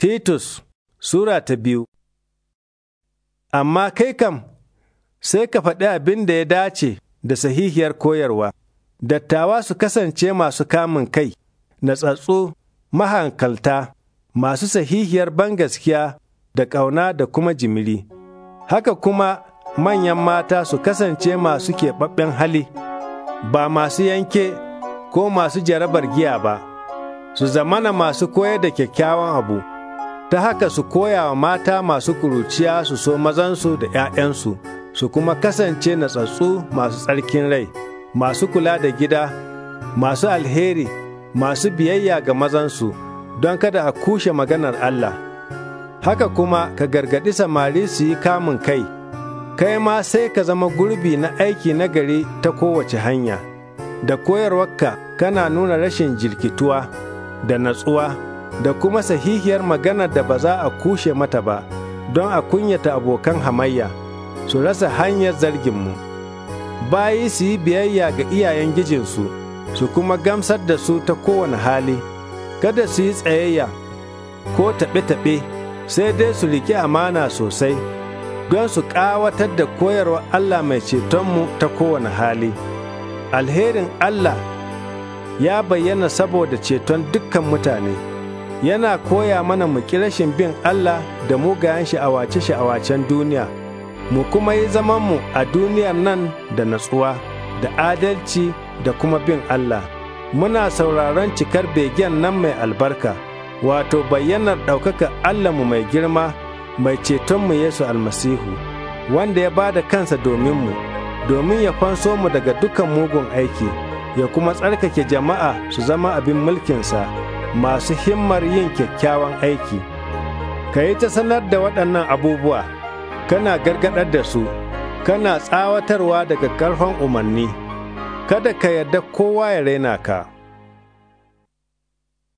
Titus Sura ta biyu Amma kai kam, sai ka faɗi abin da ya dace da sahihiyar koyarwa, dattawa su kasance masu kamun kai, na natsatsu, mahankalta, masu sahihiyar gaskiya da ƙauna da kuma jimiri. Haka kuma manyan mata su kasance masu keɓaɓɓen hali, ba masu yanke ko masu jarabar giya ba, su zamana masu koyar da kyakkyawan abu. ta haka su koya wa mata masu kuruciya su so mazansu da ‘ya'yansu, su kuma kasance na natsatsu masu tsarkin rai, masu kula da gida, masu alheri, masu biyayya ga mazansu, don kada a kushe maganar Allah. Haka kuma ka gargaɗi samari su yi kamun kai, kai ma sai ka zama gurbi na aiki na gari ta kowace hanya, da koyarwarka kana nuna rashin jirkituwa da natsuwa. da kuma sahihiyar maganar da ba za a kushe mata ba don a kunyata abokan hamayya su rasa hanyar zarginmu bayi su yi biyayya ga iyayen gijinsu su kuma gamsar da su ta kowane hali kada su yi tsayayya ko taɓe-taɓe sai dai su riƙe amana sosai don su ƙawatar da koyarwar Allah mai cetonmu ta kowane hali alherin Allah ya bayyana saboda ceton dukkan mutane. yana koya mana mu ƙi rashin bin Allah da mugayen sha'awace-sha'awacen duniya, mu kuma yi zamanmu a duniyar nan da natsuwa, da adalci da kuma bin Allah. Muna sauraron cikar begen nan mai albarka, wato bayyanar ɗaukaka Allahnmu mai girma, mai cetonmu Yesu almasihu, wanda ya ba da kansa mu, domin ya kwanso mu daga dukan mugun aiki, ya kuma tsarkake jama'a su zama abin mulkinsa. masu himmar yin kyakkyawan aiki. Ka yi ta sanar da waɗannan abubuwa, kana gargaɗar da su, kana tsawatarwa daga ƙarfin umarni, kada ka yarda kowa ya raina ka.